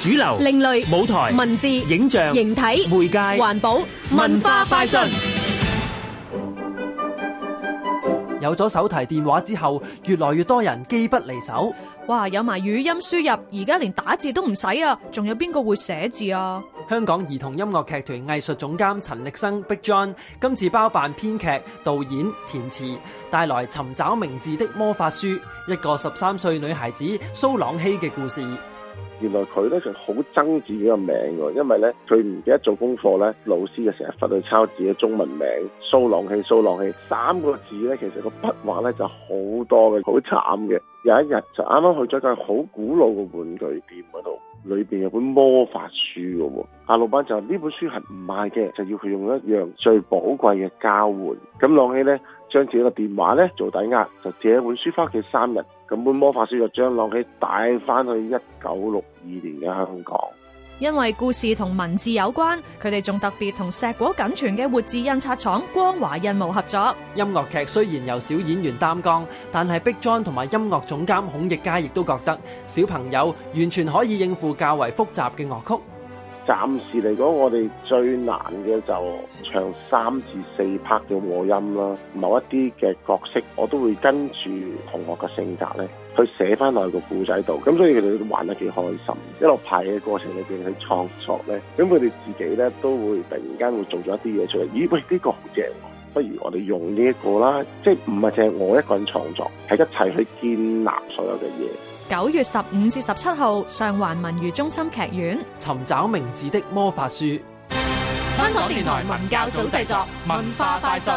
主流、另類舞台、文字、影像、形體、媒介、環保、文化快訊。有咗手提電話之後，越來越多人機不離手。哇！有埋語音輸入，而家連打字都唔使啊！仲有邊個會寫字啊？香港兒童音樂劇團藝術總監陳力生逼娟，Big John，今次包辦編劇、導演、填詞，帶來《尋找名字的魔法書》，一個十三歲女孩子蘇朗希嘅故事。原來佢咧就好憎自己個名㗎，因為咧佢唔記得做功課咧，老師就成日罰佢抄自己中文名「蘇朗氣，蘇朗氣」。三個字咧，其實個筆畫咧就好多嘅，好慘嘅。有一日就啱啱去咗間好古老嘅玩具店嗰度，裏邊有本魔法書嘅喎，阿老闆就話呢本書係唔賣嘅，就要佢用一樣最寶貴嘅交換。咁朗氣咧。將自己個電話咧做抵押，就借一本書翻屋企三日。咁本魔法書就將浪起帶翻去一九六二年嘅香港。因為故事同文字有關，佢哋仲特別同碩果僅存嘅活字印刷廠光華印務合作。音樂劇雖然由小演員擔綱，但係碧莊同埋音樂總監孔奕佳亦都覺得小朋友完全可以應付較為複雜嘅樂曲。暫時嚟講，我哋最難嘅就唱三至四拍嘅和音啦。某一啲嘅角色，我都會跟住同學嘅性格咧，去寫翻落個故仔度。咁所以佢哋都玩得幾開心的。一路排嘅過程裏邊去創作咧，咁佢哋自己咧都會突然間會做咗一啲嘢出嚟。咦喂，呢個好正！不如我哋用呢一個啦，即係唔係淨係我一個人創作，係一齊去建立所有嘅嘢。九月十五至十七號，上環文娛中心劇院，《尋找名字的魔法書》。香港電台文教組製作，文化快訊。